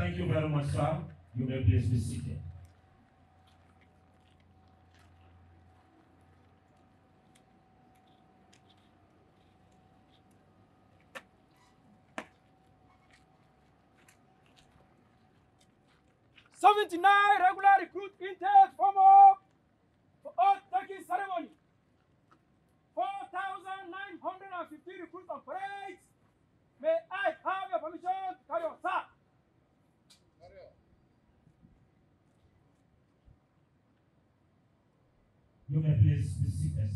Thank you very much, sir. You may please be seated. Seventy-nine regular recruit intake form of for oath taking ceremony. Four thousand nine hundred and fifty recruits on parades. May I have your permission to carry on, sir? going be specific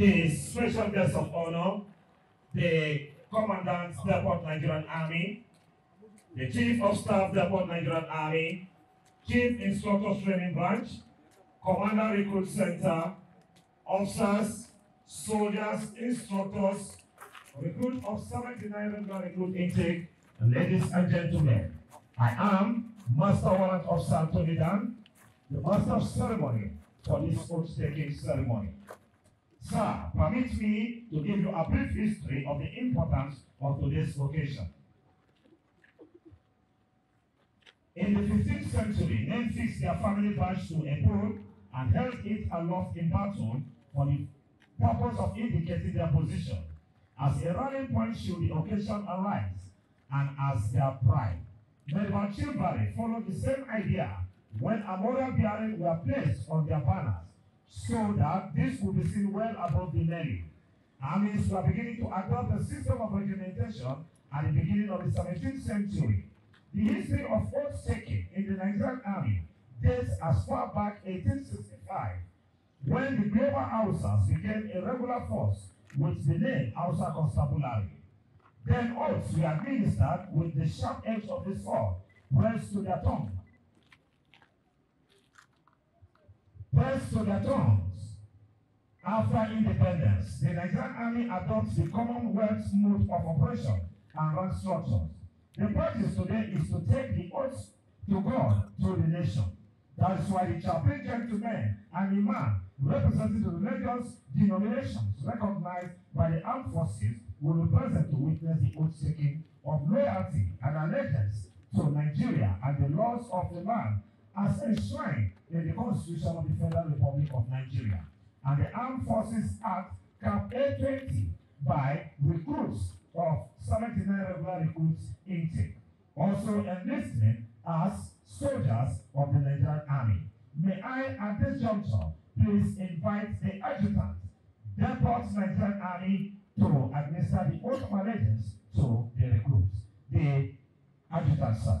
the special guest of honor, the commandant, Port Nigerian Army, the chief of staff, Port Nigerian Army, chief instructor training branch, commander recruit center, officers, soldiers, instructors, recruit of 79 regular recruit intake, ladies and gentlemen. I am Master Warrant Officer Tony Dan, the Master of Ceremony for this oath-taking ceremony. Sir, permit me to give you a brief history of the importance of today's vocation. In the 15th century, men fixed their family badge to a bull and held it aloft in battle for the purpose of indicating their position as a rallying point should the occasion arise and as their pride. Medieval chivalry followed the same idea when a memorial bearing were placed on their banners so that this will be seen well above the means we are beginning to adopt a system of regimentation at the beginning of the 17th century. The history of oath taking in the Nigerian army dates as far back 1865, when the Global Hausas became a regular force with the name Hausa Constabulary. Then oaths were administered with the sharp edge of the sword pressed to their tongue Press to the tongues. After independence, the Nigerian army adopts the Commonwealth's mode of operation and rank structures. The practice today is to take the oath to God through the nation. That is why the chaplain gentlemen and imam representing the religious denominations recognized by the armed forces will be present to witness the oath taking of loyalty and allegiance to Nigeria and the laws of the land as enshrined in the Constitution of the Federal Republic of Nigeria and the Armed Forces Act Cap A20 by recruits of 79 regular recruits intake, also enlisting as soldiers of the Nigerian Army. May I, at this juncture, please invite the adjutant, Depot Nigerian Army, to administer the oath of allegiance to the recruits. The adjutant, sir.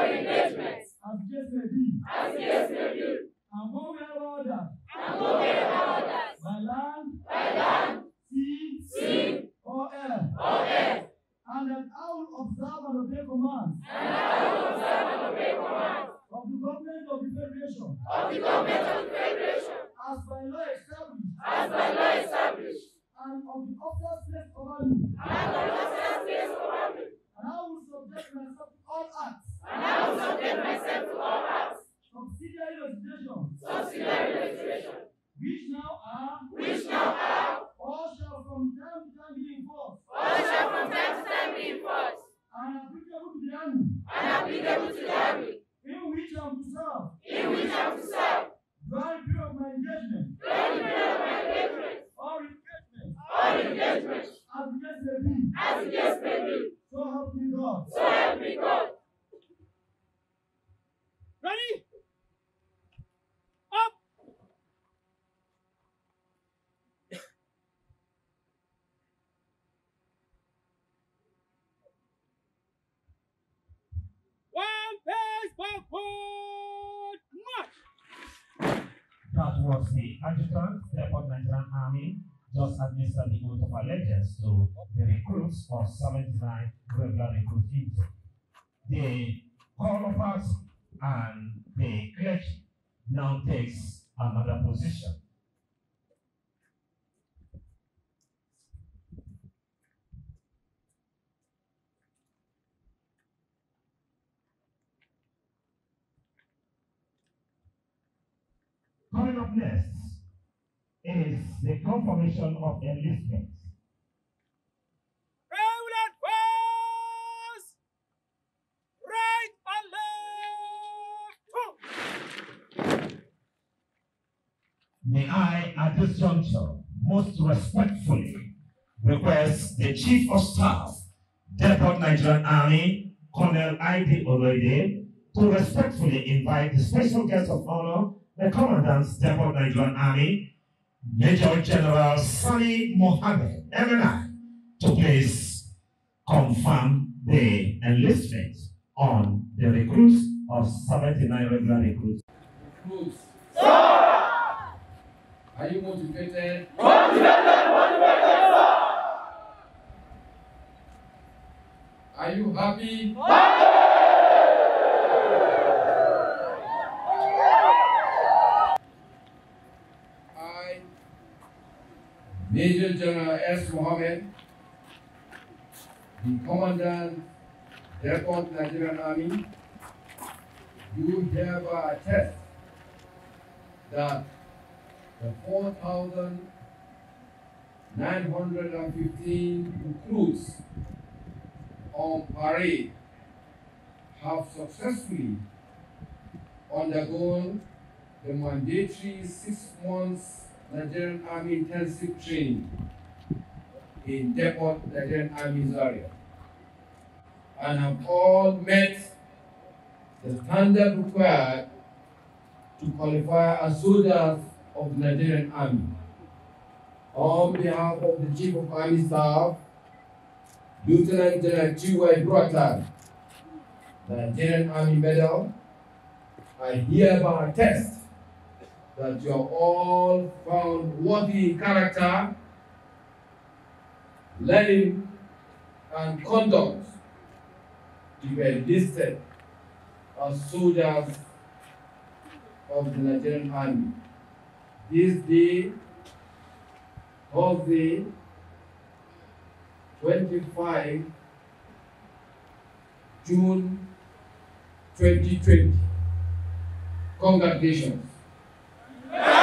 our As yes may be. As yes himself or 79 regularly proceeds. The us and the clergy now takes another position. Coming up next is the confirmation of enlistment. May I, at this juncture, most respectfully request the Chief of Staff, Depot Nigerian Army, Colonel I.D. Oloide, to respectfully invite the special guest of honor, the Commandant, Depot Nigerian Army, Major General Sani Mohammed MNI, to please confirm the enlistment on the recruits of 79 regular recruits. Recruits. Are you motivated? Motivated, motivated, sir! Are you happy? Happy! I, Major General S. Mohammed, the Commandant, Depot Nigerian Army, You hereby attest that the 4,915 recruits on parade have successfully undergone the mandatory six months Nigerian Army intensive training in Depot, Nigerian Army area, and have all met the standard required to qualify as soldiers of the Nigerian Army. On behalf of the Chief of Army Staff, Lieutenant General Chiwai the Nigerian Army Medal, I hereby attest that you are all found worthy in character, learning, and conduct to be enlisted as soldiers of the Nigerian Army. this day, Thursday, 25 June 2020. Congratulations. Yeah.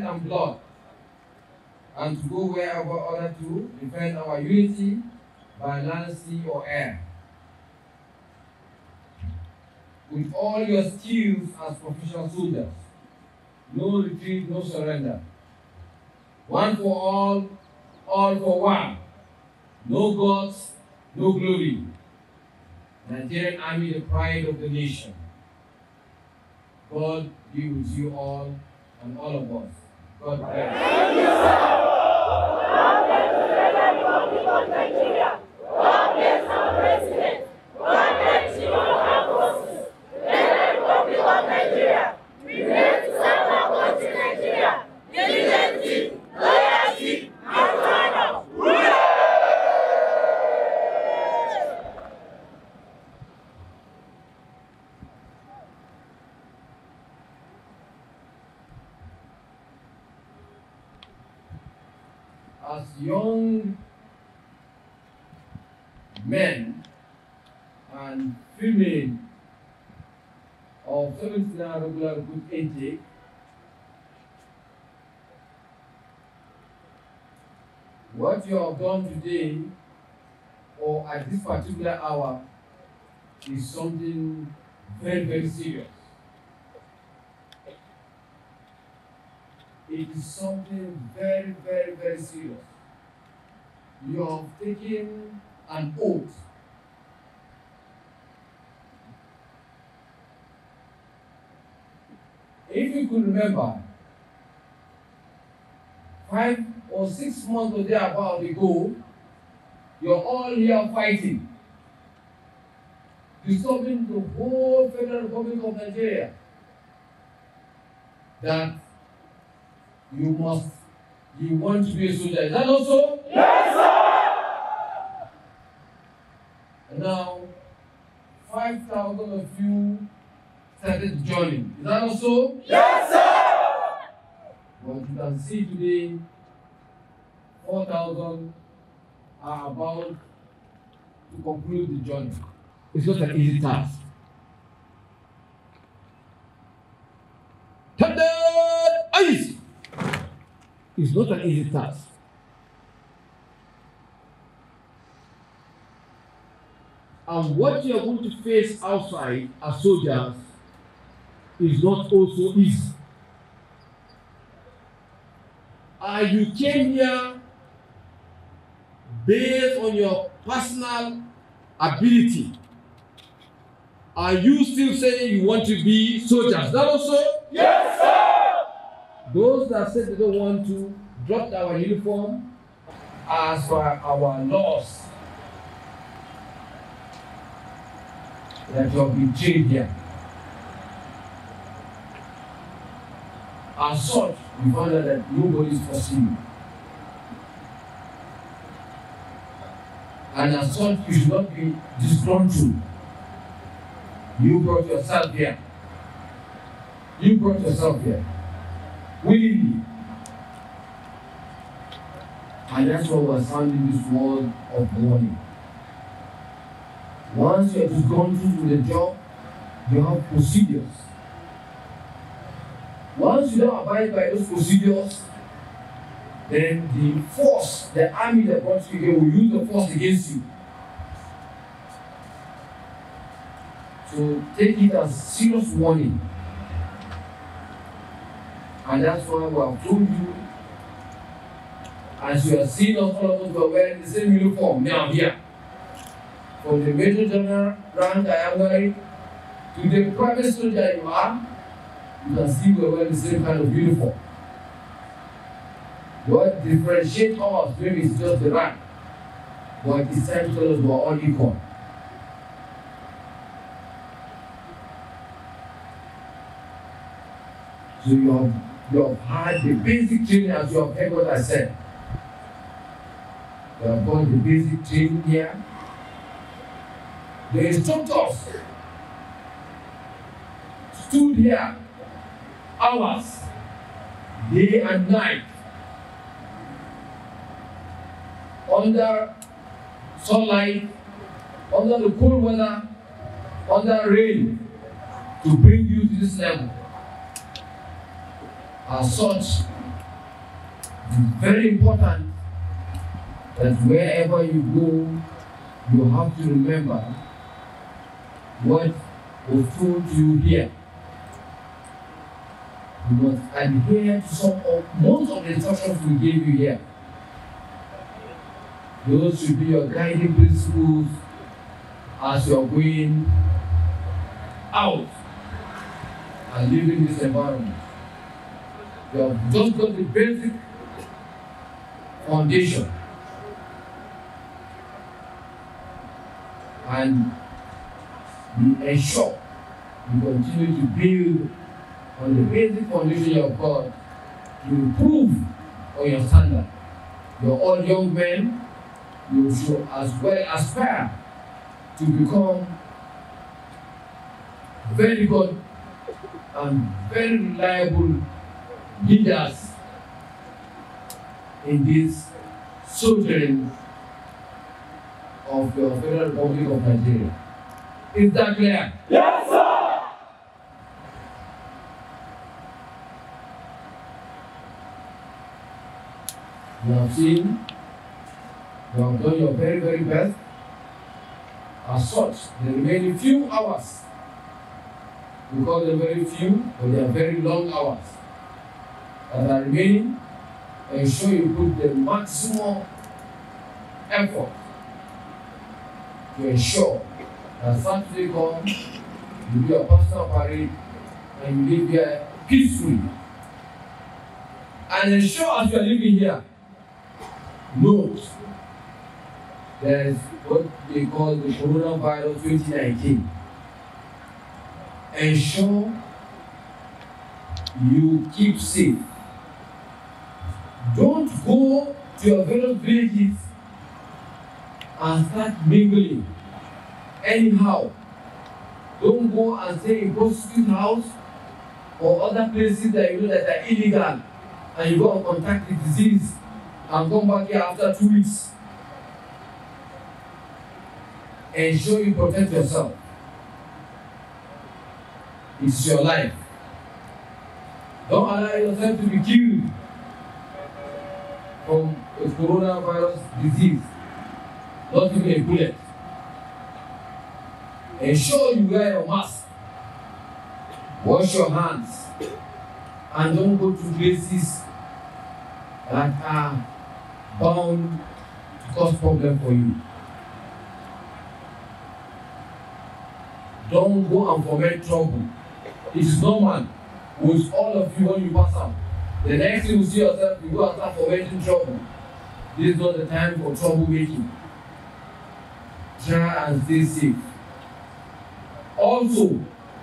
and blood, and to go wherever order to defend our unity by land, sea, or air. With all your skills as professional soldiers, no retreat, no surrender. One for all, all for one. No gods, no glory. Nigerian Army, the pride of the nation. God be with you all and all of us. God bless. Thank you, sir. men and women of 79 regular good intake what you have done today or at this particular hour is something very, very serious. It is something very, very, very serious. You have taken and old. If you could remember, five or six months or thereabout ago, you're all here fighting, disturbing the whole Federal Republic of Nigeria that you must, you want to be a soldier. Is that also? Yeah. around 5,000 of you started joining. Is that also? Yes, sir! What you can see today, 4,000 are about to conclude the journey. It's not an easy task. ice. It's not an easy task. and what you are going to face outside as soldiers is not also easy. Are you came here based on your personal ability. Are you still saying you want to be soldiers? That also? Yes, sir! Those that said they don't want to drop our uniform as for our laws. that have been trained here. As such, we found out that nobody is forcing you. And as such, you should not be disgruntled. You brought yourself here. You brought yourself here. Willingly. And that's why we are sounding this word of warning. Once you have gone through the job, you have procedures. Once you don't abide by those procedures, then the force, the army that wants you here will use the force against you. So take it as serious warning. And that's why we have told you, as you have seen us all of us were wearing the same uniform, now I'm here from the major general branch diagonally to the private soldier you are, you can see we wear the same kind of uniform. What differentiates us maybe is just the rank, but it's time to tell us we are all equal. So you have, you have had the basic training as you have heard what I said. You have got the basic training here the instructors stood here hours, day and night, under sunlight, under the cold weather, under rain, to bring you to this level. As such, it's very important that wherever you go, you have to remember what was told to you here. You must adhere to some of most of the instructions we gave you here. Those should be your guiding principles as you're going out and leaving this environment. You have just got the basic foundation. And you ensure you continue to build on the basic foundation of God to improve on your standard. Your all young men, you should as well aspire to become very good and very reliable leaders in this sojourn of the Federal Republic of Nigeria. Is that clear? Yes, sir. You have seen, you have done your very, very best. As such, the remaining few hours, we call them very few, but they are very long hours, that are remaining, ensure you put the maximum effort to ensure that Saturday comes, you do your pastor parade, and you live here peacefully. And ensure as you are living here, note there's what they call the coronavirus 2019. Ensure you keep safe. Don't go to your various villages and start mingling anyhow. Don't go and stay in prostitute house or other places that you know that are illegal and you go and contract the disease and come back here after two weeks. Ensure you protect yourself. It's your life. Don't allow yourself to be killed from a coronavirus disease. Not even a bullet. Ensure you wear your mask. Wash your hands. And don't go to places that are bound to cause problem for you. Don't go and foment trouble. It is normal with all of you when you pass out. The next thing you see yourself, you go and start fomenting trouble. This is not the time for trouble making. Try and stay safe also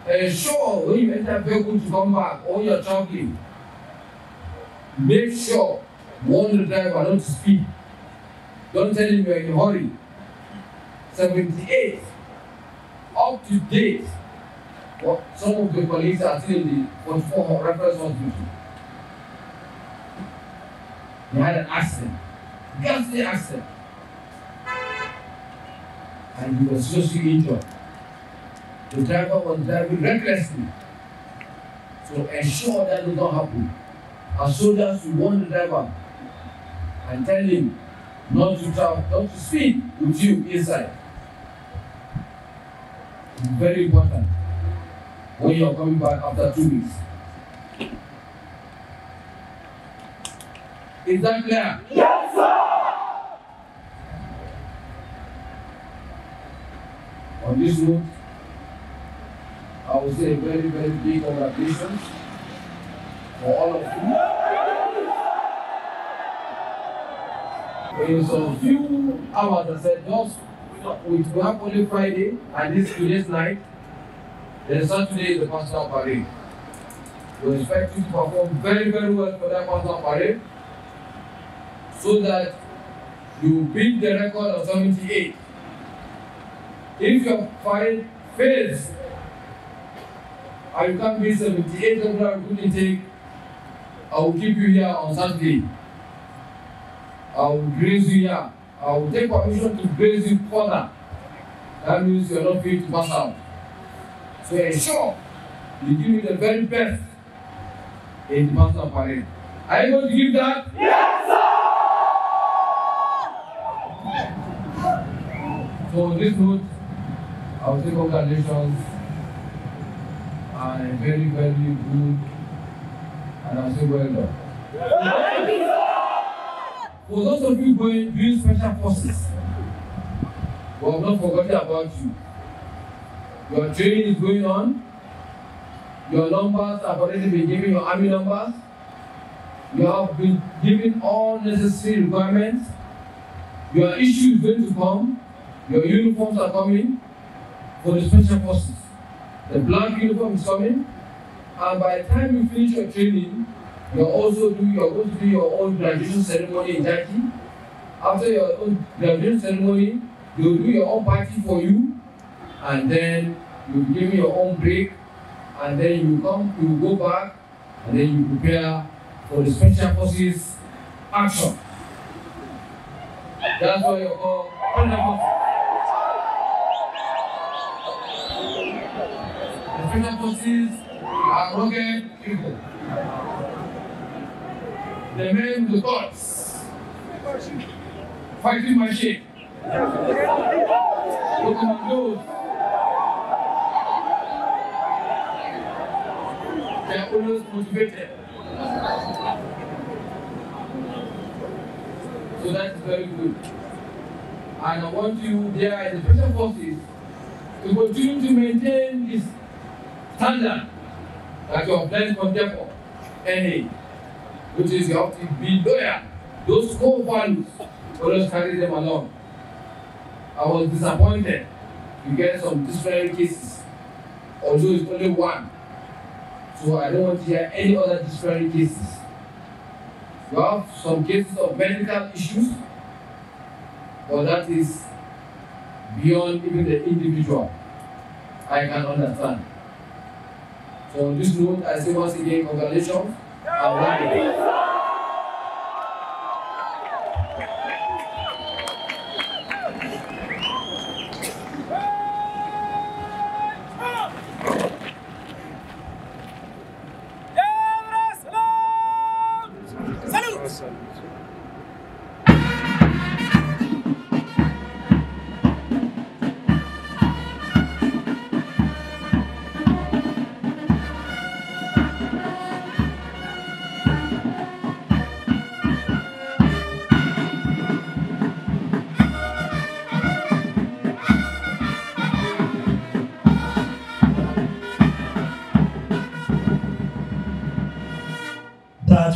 ensure when you enter vehicle to come back or you're traveling, make sure warn the driver don't speed. Don't tell him you're in a hurry. eight Up to date, what some of the police are still in the 44 reference hospital. They had an accident, ghastly accident, and he was just injured. The driver was driving recklessly. So ensure that does not happen. As soldiers, you warn the driver and tell him not to travel, not to speed with you inside. It's very important when you are coming back after two weeks. Is that clear? Yes, sir! On this note, would say very, very big congratulations for all of you. In some few hours, I said, just we have only Friday and this today's night, then Saturday is the Pastor Parade. We expect you to perform very, very well for that Pastor Parade so that you beat the record of 78. If your parade fails I will come here 78 regular good intake. I will keep you here on Saturday. I will graze you here. I will take permission to graze you further. That means you are not free to pass out. So ensure you give me the very best in the master of parade. Are you going to give that? Yes, sir! So on this note, I will take congratulations a very, very good and I say well done. For those of you going doing special courses, we have not forgotten about you. Your training is going on. Your numbers have already been given, your army numbers. You have been given all necessary requirements. Your issue is going to come. Your uniforms are coming for the special forces. The black uniform is coming, and by the time you finish your training, you're also do you're going to do your own graduation ceremony in Jackie. After your own graduation ceremony, you'll do your own party for you, and then you give me your own break, and then you come, you go back, and then you prepare for the special forces action. That's why you're called Professional coaches are rugged people. The men the thoughts. Fighting machine. The those, They are always motivated. So that's very good. And I want you there in the special forces to continue to maintain this standard that you have learned from them for NA, which is your have to be loyal. Those core values, always carry them along. I was disappointed to get some disciplinary cases, although it's only one. So I don't want to hear any other disciplinary cases. You have some cases of medical issues, but that is beyond even the individual. I can understand. So on this note, I say once again, congratulations.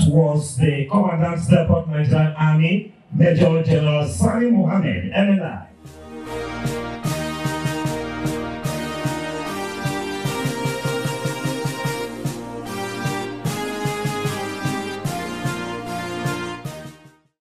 was the Commandant Stephen Nigerian Army, Major General Sani Mohammed, MNI.